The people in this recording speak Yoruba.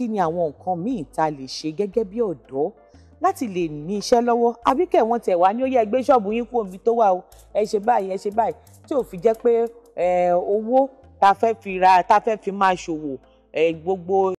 kí ni àwọn nǹkan míì tá lè ṣe gẹ́gẹ́ bí ọ̀dọ́ láti lè ní iṣẹ́ lọ́wọ́ àbí kẹ̀ wọ́n tẹ̀ wá ní ó yẹ gbé ṣọ́ọ̀bù yín kú omi tó wà o ẹ ṣe báyìí ẹ ṣe báyìí tí ò fi jẹ́ pé owó tá fẹ́ fi ra tá fẹ́ fi máa ṣòwò gbogbo